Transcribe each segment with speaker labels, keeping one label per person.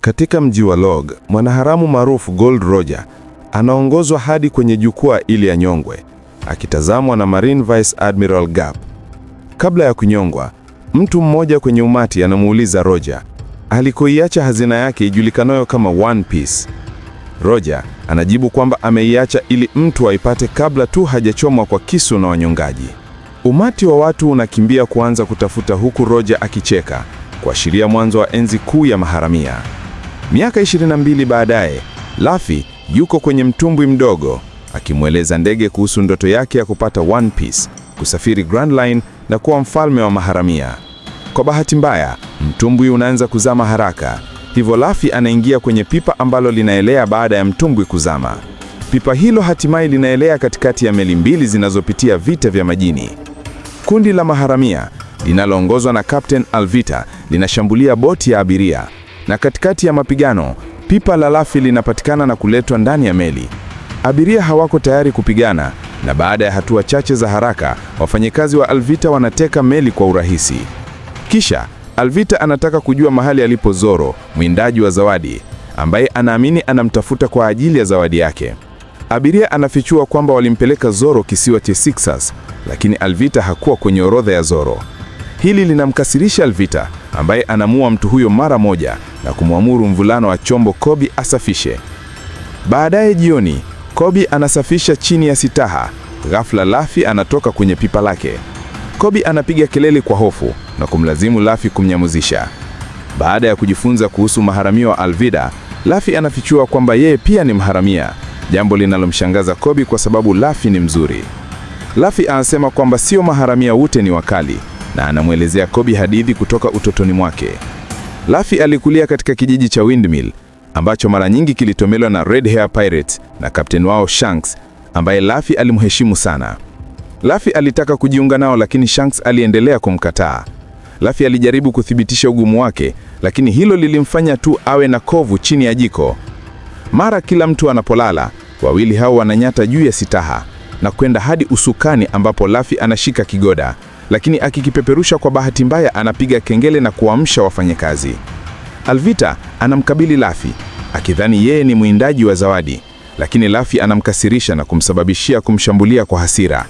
Speaker 1: Katika mji wa Log, mwanaharamu maarufu Gold Roger anaongozwa hadi kwenye jukwaa ili anyongwe, akitazamwa na Marine Vice Admiral Gap. Kabla ya kunyongwa, mtu mmoja kwenye umati anamuuliza Roger alikoiacha hazina yake ijulikanayo kama One Piece. Roger anajibu kwamba ameiacha ili mtu aipate kabla tu hajachomwa kwa kisu na wanyongaji. Umati wa watu unakimbia kuanza kutafuta huku Roger akicheka, kuashiria mwanzo wa enzi kuu ya maharamia. Miaka 22 baadaye, Luffy yuko kwenye mtumbwi mdogo akimweleza ndege kuhusu ndoto yake ya kupata One Piece, kusafiri Grand Line na kuwa mfalme wa maharamia. Kwa bahati mbaya, mtumbwi unaanza kuzama haraka, hivyo Luffy anaingia kwenye pipa ambalo linaelea baada ya mtumbwi kuzama. Pipa hilo hatimaye linaelea katikati ya meli mbili zinazopitia vita vya majini. Kundi la maharamia linaloongozwa na Captain Alvita linashambulia boti ya abiria na katikati ya mapigano, pipa la Lafi linapatikana na kuletwa ndani ya meli. Abiria hawako tayari kupigana, na baada ya hatua chache za haraka, wafanyakazi wa Alvita wanateka meli kwa urahisi. Kisha Alvita anataka kujua mahali alipo Zoro, mwindaji wa zawadi, ambaye anaamini anamtafuta kwa ajili ya zawadi yake. Abiria anafichua kwamba walimpeleka Zoro kisiwa cha Sixas, lakini Alvita hakuwa kwenye orodha ya Zoro. Hili linamkasirisha Alvita ambaye anamua mtu huyo mara moja na kumwamuru mvulano wa chombo Kobi asafishe. Baadaye jioni, Kobi anasafisha chini ya sitaha. Ghafla Lafi anatoka kwenye pipa lake. Kobi anapiga kelele kwa hofu na kumlazimu Lafi kumnyamuzisha. Baada ya kujifunza kuhusu maharamia wa Alvida, Lafi anafichua kwamba yeye pia ni mharamia, jambo linalomshangaza Kobi kwa sababu Lafi ni mzuri. Lafi anasema kwamba sio maharamia wote ni wakali, na anamwelezea Kobi hadithi kutoka utotoni mwake. lafi alikulia katika kijiji cha Windmill ambacho mara nyingi kilitomelwa na Red Hair Pirates na kapteni wao Shanks ambaye lafi alimheshimu sana. lafi alitaka kujiunga nao lakini Shanks aliendelea kumkataa. lafi alijaribu kuthibitisha ugumu wake, lakini hilo lilimfanya tu awe na kovu chini ya jiko. Mara kila mtu anapolala, wawili hao wananyata juu ya sitaha na kwenda hadi usukani ambapo lafi anashika kigoda lakini akikipeperusha kwa bahati mbaya anapiga kengele na kuamsha wafanyakazi. Alvita anamkabili Lafi akidhani yeye ni mwindaji wa zawadi, lakini Lafi anamkasirisha na kumsababishia kumshambulia kwa hasira.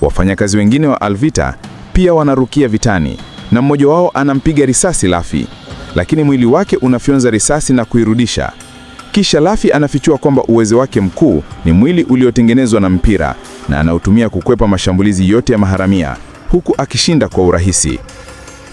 Speaker 1: Wafanyakazi wengine wa Alvita pia wanarukia vitani na mmoja wao anampiga risasi Lafi, lakini mwili wake unafyonza risasi na kuirudisha. Kisha Lafi anafichua kwamba uwezo wake mkuu ni mwili uliotengenezwa na mpira na anautumia kukwepa mashambulizi yote ya maharamia huku akishinda kwa urahisi.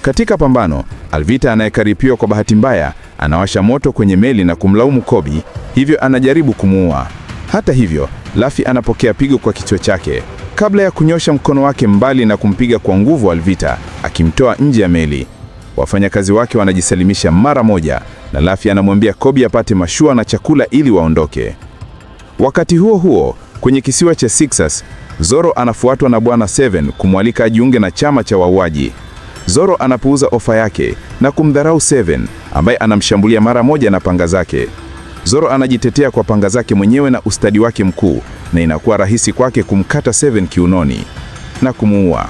Speaker 1: Katika pambano, Alvita anayekaripiwa kwa bahati mbaya anawasha moto kwenye meli na kumlaumu Kobi, hivyo anajaribu kumuua. Hata hivyo, lafi anapokea pigo kwa kichwa chake kabla ya kunyosha mkono wake mbali na kumpiga kwa nguvu Alvita, akimtoa nje ya meli. Wafanyakazi wake wanajisalimisha mara moja na lafi anamwambia Kobi apate mashua na chakula ili waondoke. Wakati huo huo, kwenye kisiwa cha Sixers, Zoro anafuatwa na Bwana Seven kumwalika ajiunge na chama cha wauaji. Zoro anapuuza ofa yake na kumdharau Seven ambaye anamshambulia mara moja na panga zake. Zoro anajitetea kwa panga zake mwenyewe na ustadi wake mkuu, na inakuwa rahisi kwake kumkata Seven kiunoni na kumuua.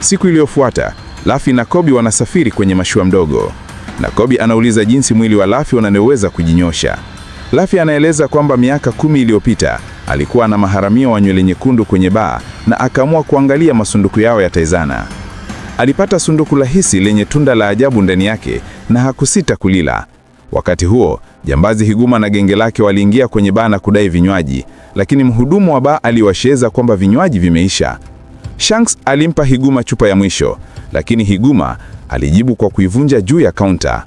Speaker 1: Siku iliyofuata Luffy na Kobe wanasafiri kwenye mashua mdogo. Nakobi anauliza jinsi mwili wa Luffy unavyoweza kujinyosha. Luffy anaeleza kwamba miaka kumi iliyopita alikuwa na maharamia wa nywele nyekundu kwenye baa na akaamua kuangalia masunduku yao ya Taizana. Alipata sunduku rahisi lenye tunda la ajabu ndani yake na hakusita kulila. Wakati huo jambazi Higuma na genge lake waliingia kwenye baa na kudai vinywaji, lakini mhudumu wa baa aliwasheza kwamba vinywaji vimeisha. Shanks alimpa Higuma chupa ya mwisho, lakini Higuma alijibu kwa kuivunja juu ya kaunta.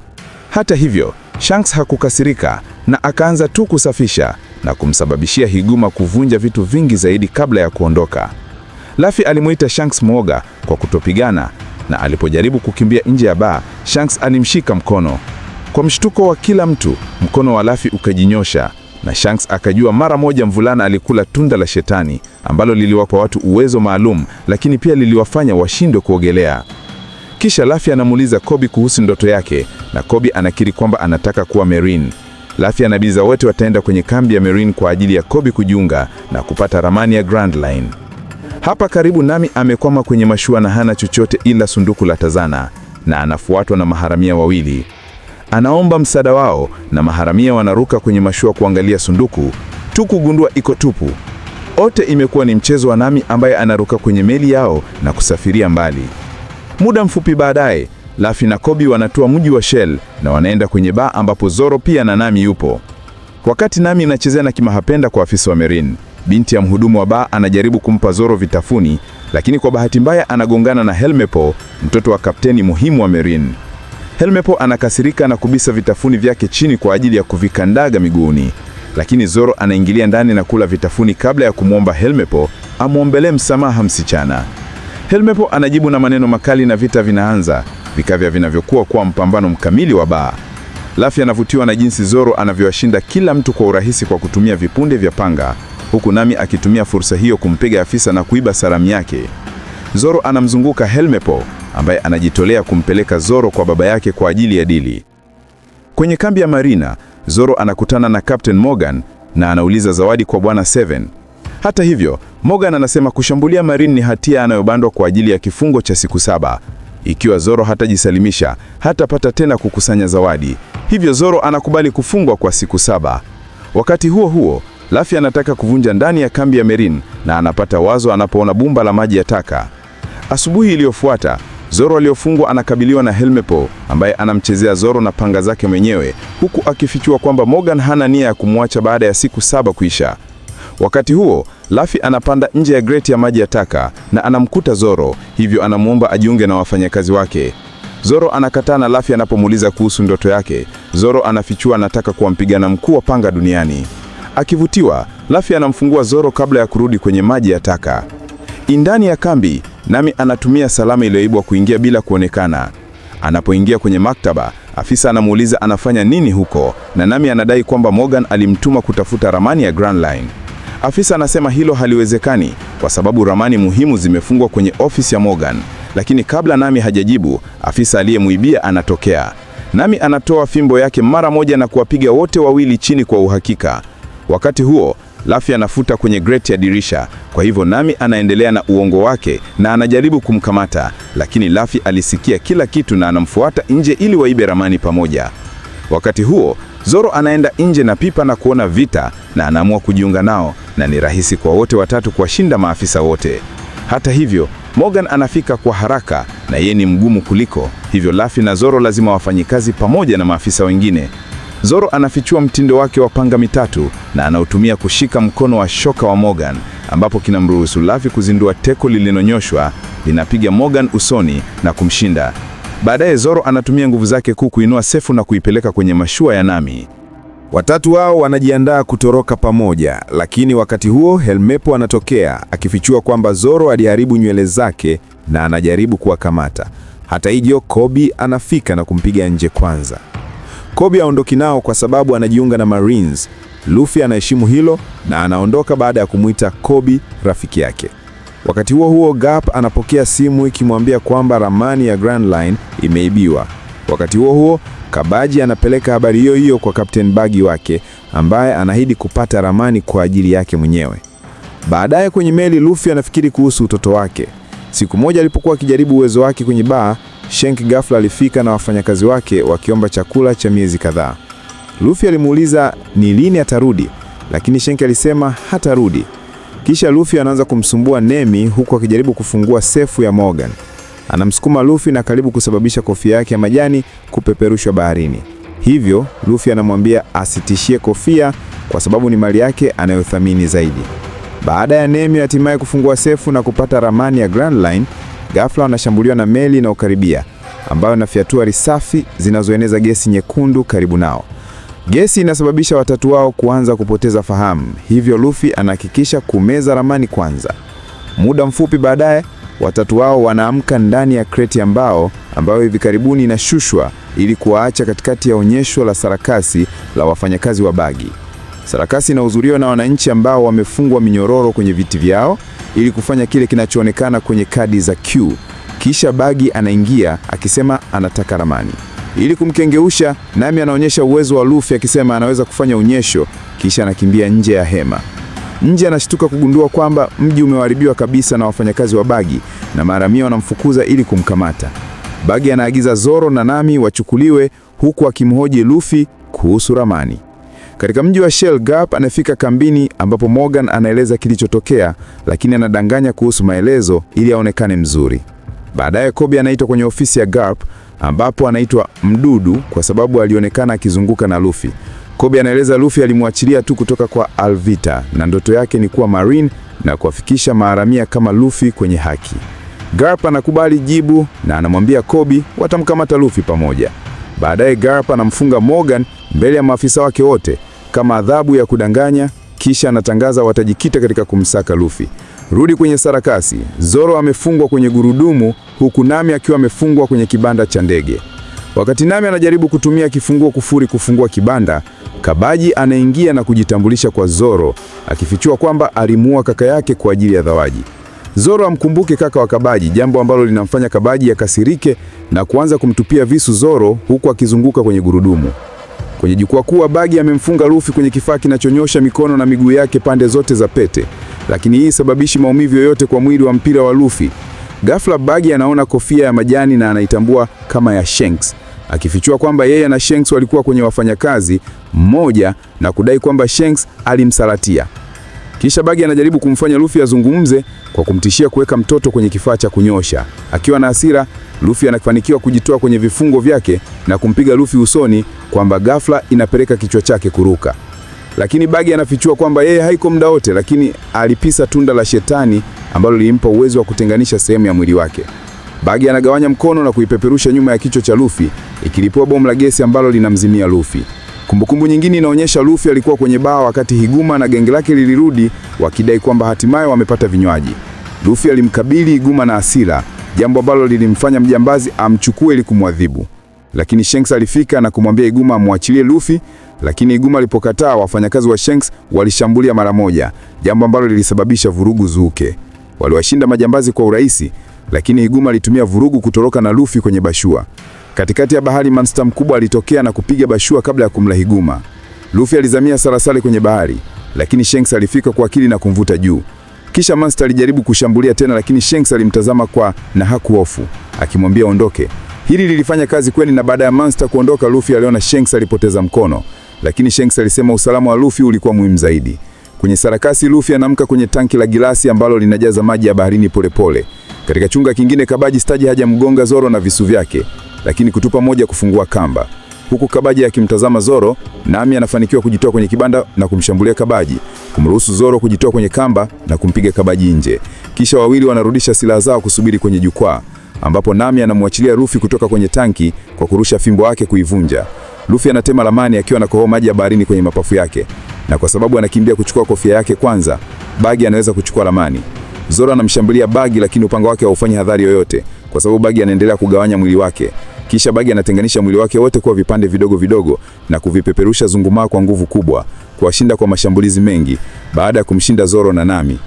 Speaker 1: Hata hivyo, Shanks hakukasirika na akaanza tu kusafisha na kumsababishia Higuma kuvunja vitu vingi zaidi kabla ya kuondoka. Luffy alimuita Shanks mwoga kwa kutopigana na alipojaribu kukimbia nje ya baa, Shanks alimshika mkono. Kwa mshtuko wa kila mtu, mkono wa Luffy ukajinyosha na Shanks akajua mara moja mvulana alikula tunda la shetani ambalo liliwapa watu uwezo maalum, lakini pia liliwafanya washindwe kuogelea. Kisha Luffy anamuuliza Kobe kuhusu ndoto yake na Kobe anakiri kwamba anataka kuwa marine. Lafi anabiza wote wataenda kwenye kambi ya Marine kwa ajili ya Kobi kujiunga na kupata ramani ya Grand Line. Hapa karibu nami amekwama kwenye mashua na hana chochote ila sunduku la Tazana na anafuatwa na maharamia wawili. Anaomba msaada wao na maharamia wanaruka kwenye mashua kuangalia sunduku tu kugundua iko tupu. Ote imekuwa ni mchezo wa Nami ambaye anaruka kwenye meli yao na kusafiria mbali. Muda mfupi baadaye Luffy na Kobe wanatua mji wa Shell na wanaenda kwenye ba ambapo Zoro pia na Nami yupo. Wakati Nami anachezea na kimahapenda kwa afisa wa Marine, binti ya mhudumu wa ba anajaribu kumpa Zoro vitafuni, lakini kwa bahati mbaya anagongana na Helmepo, mtoto wa kapteni muhimu wa Marine. Helmepo anakasirika na kubisa vitafuni vyake chini kwa ajili ya kuvikandaga miguuni, lakini Zoro anaingilia ndani na kula vitafuni kabla ya kumwomba Helmepo amwombelee msamaha msichana. Helmepo anajibu na maneno makali na vita vinaanza vikavya vinavyokuwa kuwa mpambano mkamili wa baa. Luffy anavutiwa na jinsi Zoro anavyowashinda kila mtu kwa urahisi kwa kutumia vipunde vya panga, huku Nami akitumia fursa hiyo kumpiga afisa na kuiba salamu yake. Zoro anamzunguka Helmepo ambaye anajitolea kumpeleka Zoro kwa baba yake kwa ajili ya dili. Kwenye kambi ya Marina, Zoro anakutana na Captain Morgan na anauliza zawadi kwa Bwana Seven. Hata hivyo, Morgan anasema kushambulia Marine ni hatia anayobandwa kwa ajili ya kifungo cha siku saba. Ikiwa Zoro hatajisalimisha, hatapata tena kukusanya zawadi. Hivyo Zoro anakubali kufungwa kwa siku saba. Wakati huo huo, Luffy anataka kuvunja ndani ya kambi ya merin na anapata wazo anapoona bumba la maji ya taka. Asubuhi iliyofuata, Zoro aliyofungwa anakabiliwa na Helmepo ambaye anamchezea Zoro na panga zake mwenyewe huku akifichua kwamba Morgan hana nia ya kumwacha baada ya siku saba kuisha. Wakati huo lafi anapanda nje ya greti ya maji ya taka na anamkuta Zoro, hivyo anamwomba ajiunge na wafanyakazi wake. Zoro anakataa na lafi anapomuuliza kuhusu ndoto yake, Zoro anafichua anataka kuwa mpigana mkuu wa panga duniani. Akivutiwa, lafi anamfungua Zoro kabla ya kurudi kwenye maji ya taka. Indani ya kambi, Nami anatumia salama iliyoibwa kuingia bila kuonekana. Anapoingia kwenye maktaba, afisa anamuuliza anafanya nini huko, na Nami anadai kwamba Morgan alimtuma kutafuta ramani ya Grand Line. Afisa anasema hilo haliwezekani kwa sababu ramani muhimu zimefungwa kwenye ofisi ya Morgan, lakini kabla Nami hajajibu, afisa aliyemwibia anatokea. Nami anatoa fimbo yake mara moja na kuwapiga wote wawili chini kwa uhakika. Wakati huo Lafi anafuta kwenye grate ya dirisha, kwa hivyo Nami anaendelea na uongo wake na anajaribu kumkamata, lakini Lafi alisikia kila kitu na anamfuata nje ili waibe ramani pamoja. Wakati huo Zoro anaenda nje na pipa na kuona vita na anaamua kujiunga nao, na ni rahisi kwa wote watatu kuwashinda maafisa wote. Hata hivyo, Morgan anafika kwa haraka na yeye ni mgumu kuliko, hivyo lafi na Zoro lazima wafanye kazi pamoja na maafisa wengine. Zoro anafichua mtindo wake wa panga mitatu na anautumia kushika mkono wa shoka wa Morgan, ambapo kinamruhusu lafi kuzindua teko lililonyoshwa, linapiga Morgan usoni na kumshinda. Baadaye Zoro anatumia nguvu zake kuu kuinua sefu na kuipeleka kwenye mashua ya Nami. Watatu wao wanajiandaa kutoroka pamoja, lakini wakati huo Helmepo anatokea akifichua kwamba Zoro aliharibu nywele zake na anajaribu kuwakamata. Hata hivyo, Kobi anafika na kumpiga nje kwanza. Kobi aondoki nao kwa sababu anajiunga na Marines. Luffy anaheshimu hilo na anaondoka baada ya kumwita Kobi rafiki yake. Wakati huo huo, Garp anapokea simu ikimwambia kwamba ramani ya Grand Line imeibiwa. Wakati huo huo, Kabaji anapeleka habari hiyo hiyo kwa Kapteni Bagi wake ambaye anaahidi kupata ramani kwa ajili yake mwenyewe. Baadaye kwenye meli, Luffy anafikiri kuhusu utoto wake. Siku moja alipokuwa akijaribu uwezo wake kwenye baa, Shank ghafla alifika na wafanyakazi wake wakiomba chakula cha miezi kadhaa. Luffy alimuuliza ni lini atarudi, lakini Shank alisema hatarudi. Kisha Luffy anaanza kumsumbua nemi huku akijaribu kufungua sefu ya Morgan. Anamsukuma Luffy na karibu kusababisha kofia yake ya majani kupeperushwa baharini. Hivyo Luffy anamwambia asitishie kofia kwa sababu ni mali yake anayothamini zaidi. Baada ya Nemi hatimaye kufungua sefu na kupata ramani ya Grand Line, ghafla wanashambuliwa na meli inayokaribia ambayo inafyatua risasi zinazoeneza gesi nyekundu karibu nao. Gesi inasababisha watatu wao kuanza kupoteza fahamu, hivyo Luffy anahakikisha kumeza ramani kwanza. Muda mfupi baadaye Watatu wao wanaamka ndani ya kreti ya mbao ambayo hivi karibuni inashushwa ili kuwaacha katikati ya onyesho la sarakasi la wafanyakazi wa bagi. Sarakasi inahudhuriwa na wananchi ambao wamefungwa minyororo kwenye viti vyao ili kufanya kile kinachoonekana kwenye kadi za Q. Kisha bagi anaingia akisema anataka ramani ili kumkengeusha, nami anaonyesha uwezo wa Luffy akisema anaweza kufanya onyesho, kisha anakimbia nje ya hema. Nje anashtuka kugundua kwamba mji umeharibiwa kabisa na wafanyakazi wa Bagi na mia wanamfukuza ili kumkamata. Bagi anaagiza Zoro na Nami wachukuliwe huku akimhoji Luffy kuhusu ramani. Katika mji wa Shell Gap anafika kambini ambapo Morgan anaeleza kilichotokea, lakini anadanganya kuhusu maelezo ili aonekane mzuri. Baadaye Kobe anaitwa kwenye ofisi ya Garp ambapo anaitwa Mdudu kwa sababu alionekana akizunguka na Luffy. Kobe anaeleza Luffy alimwachilia tu kutoka kwa Alvita na ndoto yake ni kuwa Marine na kuwafikisha maharamia kama Luffy kwenye haki. Garp anakubali jibu na anamwambia Kobe watamkamata Luffy pamoja. Baadaye Garp anamfunga Morgan mbele ya maafisa wake wote kama adhabu ya kudanganya, kisha anatangaza watajikita katika kumsaka Luffy. Rudi kwenye sarakasi. Zoro amefungwa kwenye gurudumu huku Nami akiwa amefungwa kwenye kibanda cha ndege. Wakati Nami anajaribu kutumia kifunguo kufuri kufungua kibanda, Kabaji anaingia na kujitambulisha kwa Zoro, akifichua kwamba alimuua kaka yake kwa ajili ya Dhawaji. Zoro amkumbuke kaka wa Kabaji, jambo ambalo linamfanya Kabaji akasirike na kuanza kumtupia visu Zoro huku akizunguka kwenye gurudumu. Kwenye jukwaa kuu, Bagi amemfunga Luffy kwenye kifaa kinachonyosha mikono na miguu yake pande zote za pete, lakini hii sababishi maumivu yoyote kwa mwili wa mpira wa Luffy. Ghafla Bagi anaona kofia ya majani na anaitambua kama ya Shanks akifichua kwamba yeye na Shanks walikuwa kwenye wafanyakazi mmoja na kudai kwamba Shanks alimsalatia. Kisha bagi anajaribu kumfanya Luffy azungumze kwa kumtishia kuweka mtoto kwenye kifaa cha kunyosha. Akiwa na hasira, Luffy anafanikiwa kujitoa kwenye vifungo vyake na kumpiga Luffy usoni kwamba ghafla inapeleka kichwa chake kuruka. Lakini bagi anafichua kwamba yeye haiko muda wote, lakini alipisa tunda la shetani ambalo lilimpa uwezo wa kutenganisha sehemu ya mwili wake. Bagi anagawanya mkono na kuipeperusha nyuma ya kichwa cha Luffy, ikilipua bomu la gesi ambalo linamzimia Luffy. Kumbukumbu nyingine inaonyesha Luffy alikuwa kwenye baa wakati Higuma na genge lake lilirudi wakidai kwamba hatimaye wamepata vinywaji. Luffy alimkabili Higuma na hasira, jambo ambalo lilimfanya mjambazi amchukue ili kumwadhibu. Lakini Shanks alifika na kumwambia Higuma amwachilie Luffy, lakini Higuma alipokataa, wafanyakazi wa Shanks walishambulia mara moja, jambo ambalo lilisababisha vurugu zuke. Waliwashinda majambazi kwa urahisi lakini Iguma alitumia vurugu kutoroka na Luffy kwenye bashua. Katikati ya bahari, monster mkubwa alitokea na kupiga bashua kabla ya kumla Higuma. Luffy alizamia sarasale kwenye bahari, lakini Shanks alifika kwa akili na kumvuta juu. Kisha monster alijaribu kushambulia tena, lakini Shanks alimtazama kwa na hakuhofu, akimwambia ondoke. Hili lilifanya kazi kweli, na baada ya monster kuondoka, Luffy aliona Shanks alipoteza mkono, lakini Shanks alisema usalama wa Luffy ulikuwa muhimu zaidi. Kwenye sarakasi, Luffy anaamka kwenye tanki la gilasi ambalo linajaza maji ya baharini polepole pole. Katika chunga kingine, Kabaji Staji hajamgonga Zoro na visu vyake, lakini kutupa moja kufungua kamba, huku Kabaji akimtazama Zoro. Nami anafanikiwa kujitoa kwenye kibanda na kumshambulia Kabaji, kumruhusu Zoro kujitoa kwenye kamba na kumpiga Kabaji nje. Kisha wawili wanarudisha silaha zao kusubiri kwenye jukwaa, ambapo Nami anamwachilia Rufi kutoka kwenye tanki kwa kurusha fimbo yake kuivunja. rufi anatema lamani akiwa na kohoa maji ya baharini kwenye mapafu yake, na kwa sababu anakimbia kuchukua kofia yake kwanza, bagi anaweza kuchukua lamani Zoro anamshambulia bagi lakini upanga wake haufanyi hadhari yoyote, kwa sababu bagi anaendelea kugawanya mwili wake. Kisha bagi anatenganisha mwili wake wote kuwa vipande vidogo vidogo na kuvipeperusha Zungumaa kwa nguvu kubwa, kuwashinda kwa mashambulizi mengi, baada ya kumshinda Zoro na Nami.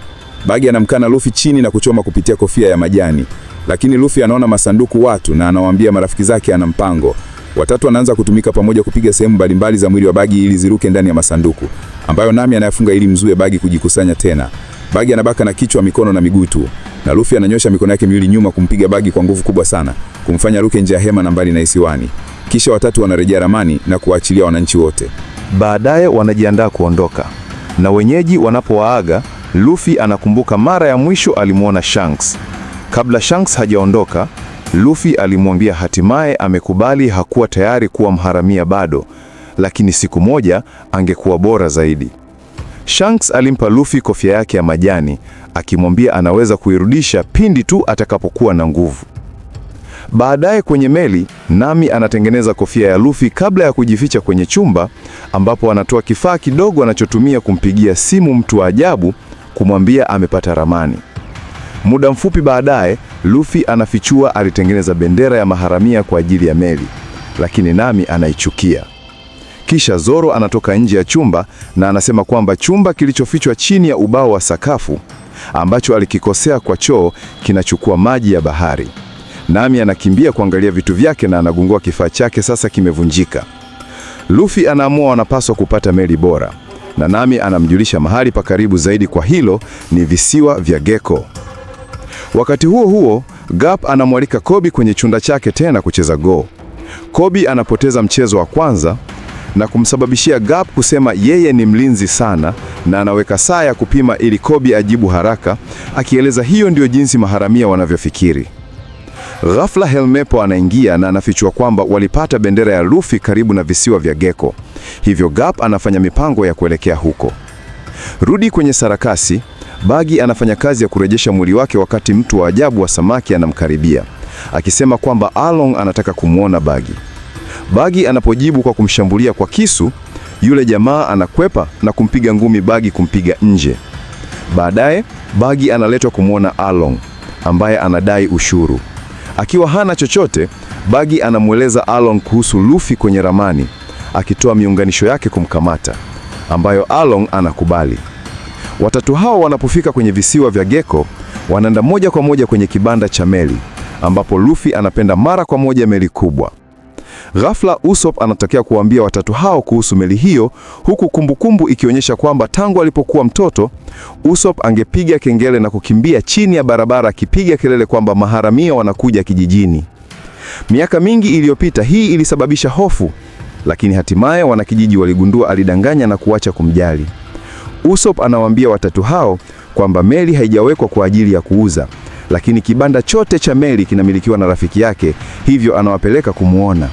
Speaker 1: bagi anamkana Luffy chini na kuchoma kupitia kofia ya majani, lakini Luffy anaona masanduku watu na anawaambia marafiki zake ana mpango. Watatu anaanza kutumika pamoja kupiga sehemu mbalimbali za mwili wa bagi ili ziruke ndani ya masanduku ambayo Nami anayafunga ili mzue bagi kujikusanya tena. Bagi anabaka na kichwa, mikono na miguu tu, na Luffy ananyosha mikono yake miwili nyuma kumpiga Bagi kwa nguvu kubwa sana, kumfanya ruke nje ya hema na mbali na isiwani. Kisha watatu wanarejea ramani na kuwaachilia wananchi wote. Baadaye wanajiandaa kuondoka, na wenyeji wanapowaaga, Luffy anakumbuka mara ya mwisho alimwona Shanks. Kabla Shanks hajaondoka, Luffy alimwambia hatimaye amekubali hakuwa tayari kuwa mharamia bado, lakini siku moja angekuwa bora zaidi. Shanks alimpa Luffy kofia yake ya majani, akimwambia anaweza kuirudisha pindi tu atakapokuwa na nguvu. Baadaye kwenye meli, Nami anatengeneza kofia ya Luffy kabla ya kujificha kwenye chumba ambapo anatoa kifaa kidogo anachotumia kumpigia simu mtu wa ajabu kumwambia amepata ramani. Muda mfupi baadaye, Luffy anafichua alitengeneza bendera ya maharamia kwa ajili ya meli, lakini Nami anaichukia. Kisha Zoro anatoka nje ya chumba na anasema kwamba chumba kilichofichwa chini ya ubao wa sakafu ambacho alikikosea kwa choo kinachukua maji ya bahari. Nami anakimbia kuangalia vitu vyake na anagungua kifaa chake sasa kimevunjika. Luffy anaamua wanapaswa kupata meli bora, na Nami anamjulisha mahali pa karibu zaidi kwa hilo ni visiwa vya Gecko. Wakati huo huo, Gap anamwalika Kobe kwenye chumba chake tena kucheza go. Kobe anapoteza mchezo wa kwanza na kumsababishia Gap kusema yeye ni mlinzi sana na anaweka saa ya kupima ili Kobi ajibu haraka, akieleza hiyo ndiyo jinsi maharamia wanavyofikiri. Ghafla Helmepo anaingia na anafichua kwamba walipata bendera ya Luffy karibu na visiwa vya Gecko, hivyo Gap anafanya mipango ya kuelekea huko. Rudi kwenye sarakasi, bagi anafanya kazi ya kurejesha mwili wake wakati mtu wa ajabu wa samaki anamkaribia akisema kwamba Along anataka kumwona bagi Bagi anapojibu kwa kumshambulia kwa kisu, yule jamaa anakwepa na kumpiga ngumi Bagi kumpiga nje. Baadaye Bagi analetwa kumwona Along ambaye anadai ushuru. Akiwa hana chochote, Bagi anamweleza Along kuhusu Luffy kwenye ramani, akitoa miunganisho yake kumkamata, ambayo Along anakubali. Watatu hao wanapofika kwenye visiwa vya Gecko, wanaenda moja kwa moja kwenye kibanda cha meli ambapo Luffy anapenda mara kwa moja meli kubwa. Ghafla Usopp anatokea kuwaambia watatu hao kuhusu meli hiyo, huku kumbukumbu ikionyesha kwamba tangu alipokuwa mtoto Usopp angepiga kengele na kukimbia chini ya barabara akipiga kelele kwamba maharamia wanakuja kijijini. Miaka mingi iliyopita, hii ilisababisha hofu, lakini hatimaye wanakijiji waligundua alidanganya na kuacha kumjali. Usopp anawaambia watatu hao kwamba meli haijawekwa kwa ajili ya kuuza, lakini kibanda chote cha meli kinamilikiwa na rafiki yake, hivyo anawapeleka kumwona.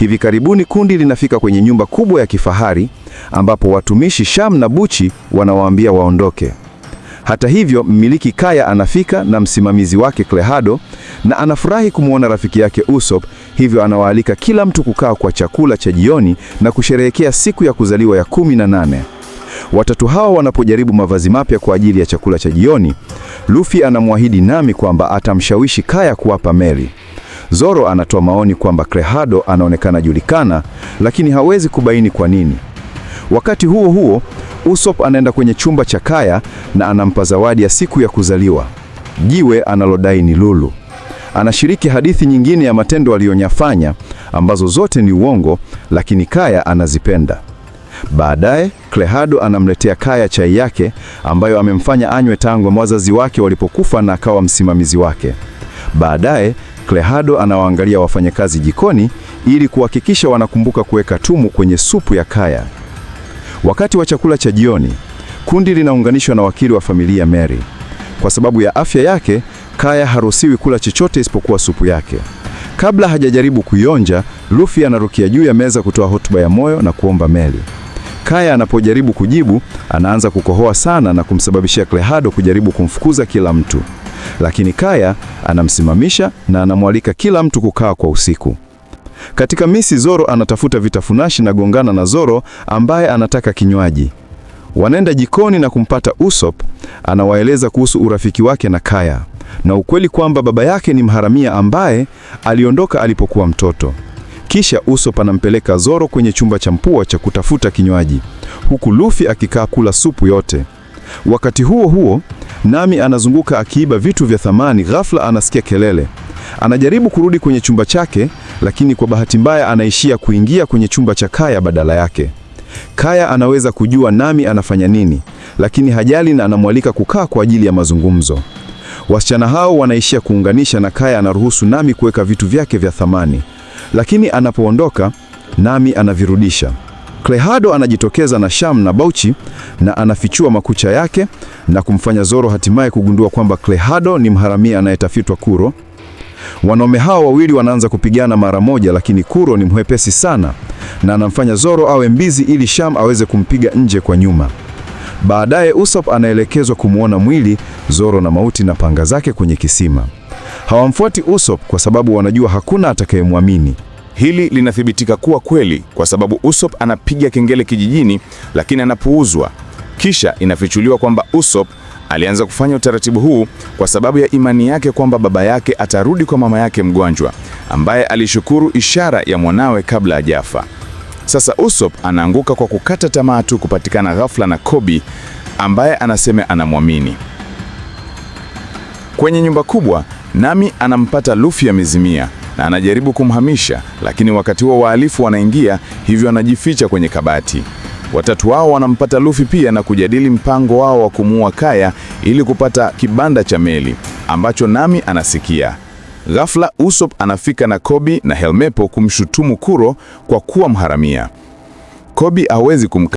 Speaker 1: Hivi karibuni kundi linafika kwenye nyumba kubwa ya kifahari ambapo watumishi Sham na Buchi wanawaambia waondoke. Hata hivyo, mmiliki Kaya anafika na msimamizi wake Klehado na anafurahi kumwona rafiki yake Usop, hivyo anawaalika kila mtu kukaa kwa chakula cha jioni na kusherehekea siku ya kuzaliwa ya kumi na nane. Watatu hawa wanapojaribu mavazi mapya kwa ajili ya chakula cha jioni, Luffy anamwahidi Nami kwamba atamshawishi Kaya kuwapa meli Zoro anatoa maoni kwamba Crehado anaonekana julikana, lakini hawezi kubaini kwa nini. Wakati huo huo, Usopp anaenda kwenye chumba cha Kaya na anampa zawadi ya siku ya kuzaliwa, jiwe analodai ni lulu. Anashiriki hadithi nyingine ya matendo aliyonyafanya ambazo zote ni uongo, lakini Kaya anazipenda. Baadaye Klehado anamletea Kaya chai yake ambayo amemfanya anywe tangu wazazi wake walipokufa na akawa msimamizi wake. Baadaye Klehado anawaangalia wafanyakazi jikoni ili kuhakikisha wanakumbuka kuweka tumu kwenye supu ya Kaya. Wakati wa chakula cha jioni, kundi linaunganishwa na wakili wa familia Mary. Kwa sababu ya afya yake, Kaya haruhusiwi kula chochote isipokuwa supu yake. Kabla hajajaribu kuionja, Luffy anarukia juu ya meza kutoa hotuba ya moyo na kuomba Mary. Kaya anapojaribu kujibu, anaanza kukohoa sana na kumsababishia Klehado kujaribu kumfukuza kila mtu lakini Kaya anamsimamisha na anamwalika kila mtu kukaa kwa usiku. Katika misi, Zoro anatafuta vitafunashi na gongana na Zoro ambaye anataka kinywaji. Wanaenda jikoni na kumpata Usop, anawaeleza kuhusu urafiki wake na Kaya na ukweli kwamba baba yake ni mharamia ambaye aliondoka alipokuwa mtoto. Kisha Usop anampeleka Zoro kwenye chumba cha mpua cha kutafuta kinywaji, huku Luffy akikaa kula supu yote. Wakati huo huo Nami anazunguka akiiba vitu vya thamani. Ghafla anasikia kelele. Anajaribu kurudi kwenye chumba chake, lakini kwa bahati mbaya anaishia kuingia kwenye chumba cha Kaya badala yake. Kaya anaweza kujua Nami anafanya nini, lakini hajali na anamwalika kukaa kwa ajili ya mazungumzo. Wasichana hao wanaishia kuunganisha na Kaya anaruhusu Nami kuweka vitu vyake vya thamani, lakini anapoondoka Nami anavirudisha. Klehado anajitokeza na Sham na Bauchi na anafichua makucha yake na kumfanya Zoro hatimaye kugundua kwamba Klehado ni mharamia anayetafutwa Kuro. Wanaume hao wawili wanaanza kupigana mara moja, lakini Kuro ni mhepesi sana na anamfanya Zoro awe mbizi ili Sham aweze kumpiga nje kwa nyuma. Baadaye Usopp anaelekezwa kumwona mwili Zoro na mauti na panga zake kwenye kisima. Hawamfuati Usopp kwa sababu wanajua hakuna atakayemwamini. Hili linathibitika kuwa kweli kwa sababu Usop anapiga kengele kijijini, lakini anapuuzwa. Kisha inafichuliwa kwamba Usop alianza kufanya utaratibu huu kwa sababu ya imani yake kwamba baba yake atarudi kwa mama yake mgonjwa, ambaye alishukuru ishara ya mwanawe kabla hajafa. Sasa Usop anaanguka kwa kukata tamaa tu kupatikana ghafla na Kobi ambaye anasema anamwamini. Kwenye nyumba kubwa, Nami anampata Luffy ya mizimia na anajaribu kumhamisha, lakini wakati huo wahalifu wanaingia, hivyo anajificha kwenye kabati. Watatu wao wanampata Luffy pia na kujadili mpango wao wa kumuua Kaya ili kupata kibanda cha meli ambacho Nami anasikia. Ghafla Usopp anafika na Kobe na helmepo kumshutumu Kuro kwa kuwa mharamia. Kobe hawezi kum